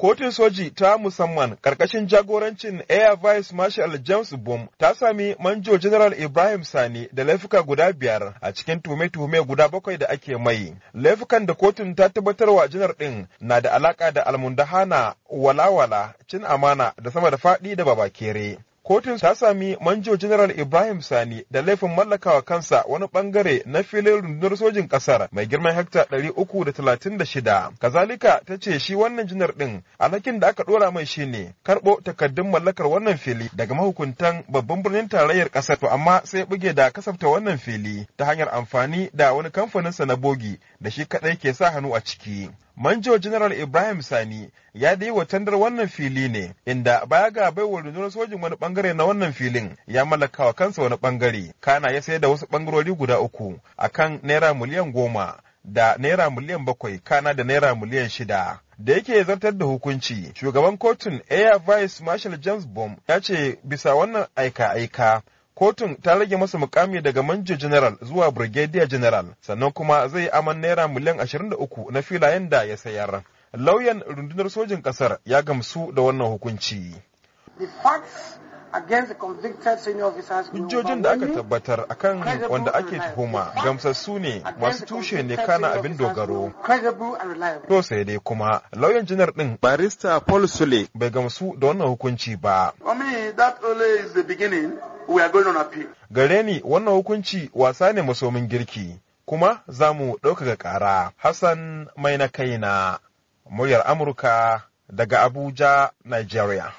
Kotun soji ta musamman ƙarƙashin jagorancin Air Vice Marshal James Boom ta sami Manjo General Ibrahim Sani da laifuka guda biyar a cikin tuhume-tuhume guda bakwai da ake mai. Laifukan da kotun ta tabbatarwa janar ɗin na da alaƙa da almundahana, walawala, cin amana da sama da faɗi da babakere. kotun ta sami manjo general ibrahim sani da laifin mallakawa kansa wani bangare na filin rundunar sojin kasar mai girman hekta 336 kazalika ta ce shi wannan jinar din alhakin da aka dora mai ne. karbo takaddun mallakar wannan fili daga mahukuntan babban birnin tarayyar kasar to amma sai buge da kasafta wannan fili ta hanyar amfani da wani kamfanin sa na bogi da shi kadai ke sa hannu a ciki Manjo General Ibrahim Sani ya da yi wa tandar wannan fili ne inda baya ga baiwa rundunar sojin wani bangare na wannan filin ya mallakawa kansa wani bangare kana ya sayar da wasu bangarori guda uku a kan naira miliyan goma da naira miliyan bakwai kana da naira miliyan shida. da yake zartar da hukunci shugaban kotun air vice marshal james bom ya ce bisa wannan aika-aika kotun ta rage masa mukami daga manjo general zuwa brigadier general sannan kuma zai aman naira miliyan 23 na filayen da ya sayar lauyan rundunar sojin kasar ya gamsu da wannan hukunci Hujjojin da aka tabbatar akan wanda ake tuhuma gamsassu ne masu tushe ne kana abin dogaro. To sai dai kuma lauyan janar din. barista Paul Sule bai gamsu da wannan hukunci ba. we are going on appeal. Gare ni wannan hukunci wasa ne masomin girki kuma za mu ɗaukaka ƙara. Hassan mai na kaina muryar Amurka daga Abuja, Nigeria.